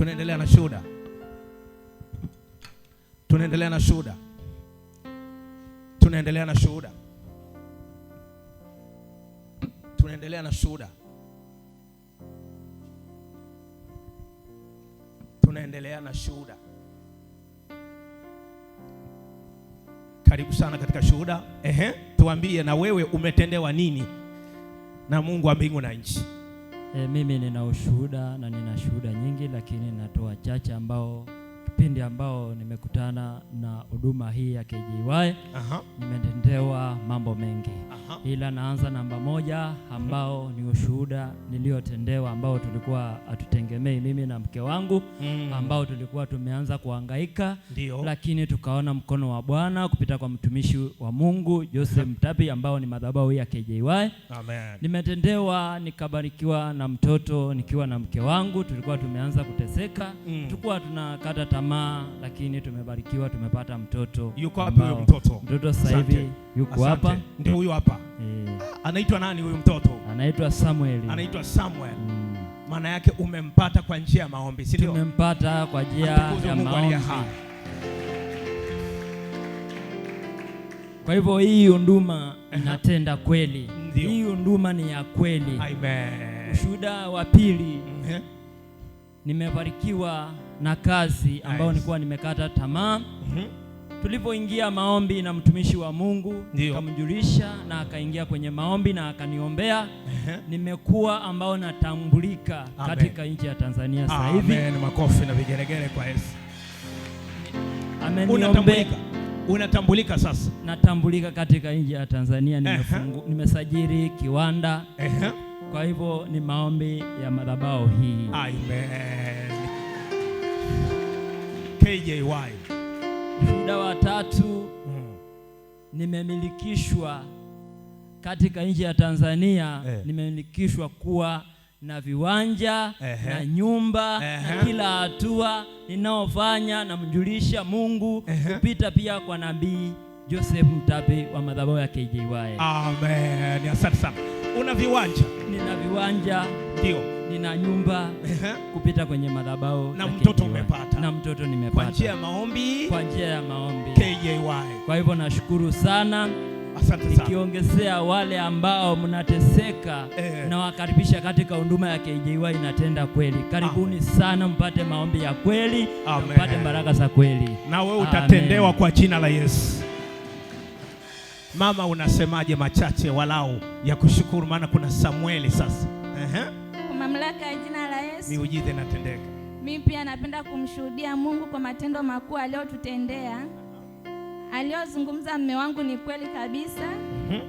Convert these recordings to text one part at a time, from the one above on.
Tunaendelea na shuhuda, tunaendelea na shuhuda, tunaendelea na shuhuda, tunaendelea na shuhuda, tunaendelea na shuhuda. Karibu sana katika shuhuda. Ehe, tuambie na wewe umetendewa nini na Mungu wa mbingu na nchi. E, mimi nina ushuhuda na nina shuhuda nyingi, lakini natoa chache ambao kipindi ambao nimekutana na huduma hii ya KJY nimetendewa mambo mengi. -huh. Ila naanza namba moja ambao ni ushuhuda niliyotendewa ambao tulikuwa hatutegemei mimi na mke wangu mm. ambao tulikuwa tumeanza kuhangaika, lakini tukaona mkono wa Bwana kupita kwa mtumishi wa Mungu Joseph Mtapi ambao ni madhabahu ya KJY. Amen. Nimetendewa nikabarikiwa na mtoto nikiwa na mke wangu, tulikuwa tumeanza kuteseka mm. tulikuwa tunakata tamaa mama, lakini tumebarikiwa, tumepata mtoto. Yuko wapi huyo mtoto? Mtoto sasa hivi yuko hapa, ndio huyo hapa Eh, Anaitwa nani huyo mtoto? Anaitwa Samuel, anaitwa Samuel mm. Maana yake umempata kwa njia ya maombi, si ndio? Tumempata kwa njia ya maombi. Kwa hivyo hii unduma inatenda kweli. Ndiyo. Hii unduma ni ya kweli. Amen. Ushuhuda wa pili, nimebarikiwa na kazi ambayo nilikuwa nimekata tamaa. mm -hmm. Tulipoingia maombi na mtumishi wa Mungu nikamjulisha, na akaingia kwenye maombi na akaniombea. Uh-huh. Nimekuwa ambao natambulika Amen. katika nchi ya Tanzania sasa hivi. Amen, makofi na vigelegele kwa Yesu. Amen, unatambulika unatambulika sasa. Natambulika katika nchi ya Tanzania, uh-huh. nimefungu, nimesajili kiwanda. Uh-huh. Kwa hivyo ni maombi ya madhabahu hii. Amen. KJY. Ushuhuda wa tatu, mm. nimemilikishwa katika nchi ya Tanzania eh. nimemilikishwa kuwa na viwanja eh, na nyumba eh, na kila hatua ninaofanya namjulisha Mungu eh, kupita pia kwa nabii Joseph Mtape wa madhabahu ya KJY. Amen. Asante sana. Una viwanja? Nina viwanja. Ndio nina nyumba kupita kwenye madhabahu na mtoto umepata, na mtoto nimepata kwa njia ya maombi, kwa njia ya maombi KJY. Kwa hivyo nashukuru sana. Asante sana. Ikiongezea wale ambao mnateseka eh, nawakaribisha katika huduma ya KJY inatenda kweli. Karibuni Amen. sana mpate maombi ya kweli Amen. mpate baraka za kweli, na wewe utatendewa Amen. kwa jina la Yesu. Mama, unasemaje machache walau ya kushukuru, maana kuna Samueli sasa. uh -huh mamlaka ya jina la Yesu miujiza inatendeka. Mimi pia napenda kumshuhudia Mungu kwa matendo makuu aliyotutendea. Aliyozungumza mme wangu ni kweli kabisa. mm -hmm.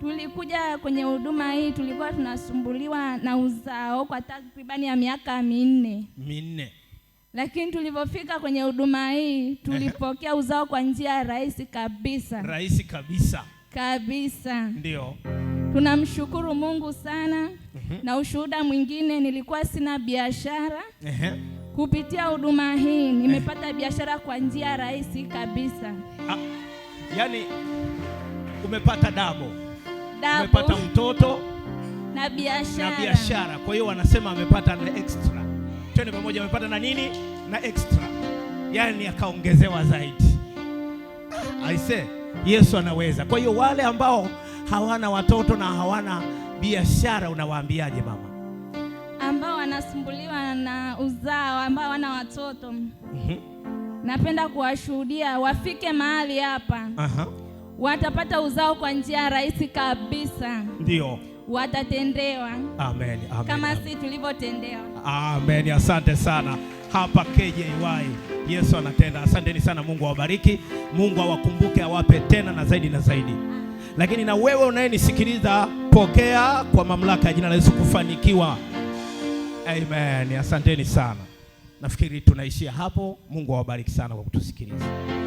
Tulikuja kwenye huduma hii, tulikuwa tunasumbuliwa na uzao kwa takribani ya miaka minne minne, lakini tulivyofika kwenye huduma hii tulipokea uzao kwa njia ya rahisi kabisa, rahisi kabisa kabisa, ndio. Tunamshukuru Mungu sana. Uhum. Na ushuhuda mwingine, nilikuwa sina biashara. Kupitia huduma hii nimepata biashara kwa njia rahisi kabisa. Ah, yani umepata dabo, dabo. Umepata mtoto na biashara na biashara. Kwa hiyo wanasema amepata na extra, twende pamoja, amepata na nini na extra, yani akaongezewa zaidi. I say Yesu anaweza. Kwa hiyo wale ambao hawana watoto na hawana biashara, unawaambiaje mama ambao wanasumbuliwa na uzao, ambao wana watoto mm -hmm. Napenda kuwashuhudia wafike mahali hapa uh -huh. Watapata uzao kwa njia rahisi kabisa, ndio watatendewa. Amen, amen, kama amen. Si tulivyotendewa. Amen, asante sana hapa KJY Yesu anatenda. Asanteni sana, Mungu awabariki, Mungu awakumbuke, awape tena na zaidi na zaidi. Lakini na wewe unayenisikiliza, pokea kwa mamlaka ya jina la Yesu kufanikiwa. Amen, asanteni sana. Nafikiri tunaishia hapo. Mungu awabariki sana kwa kutusikiliza.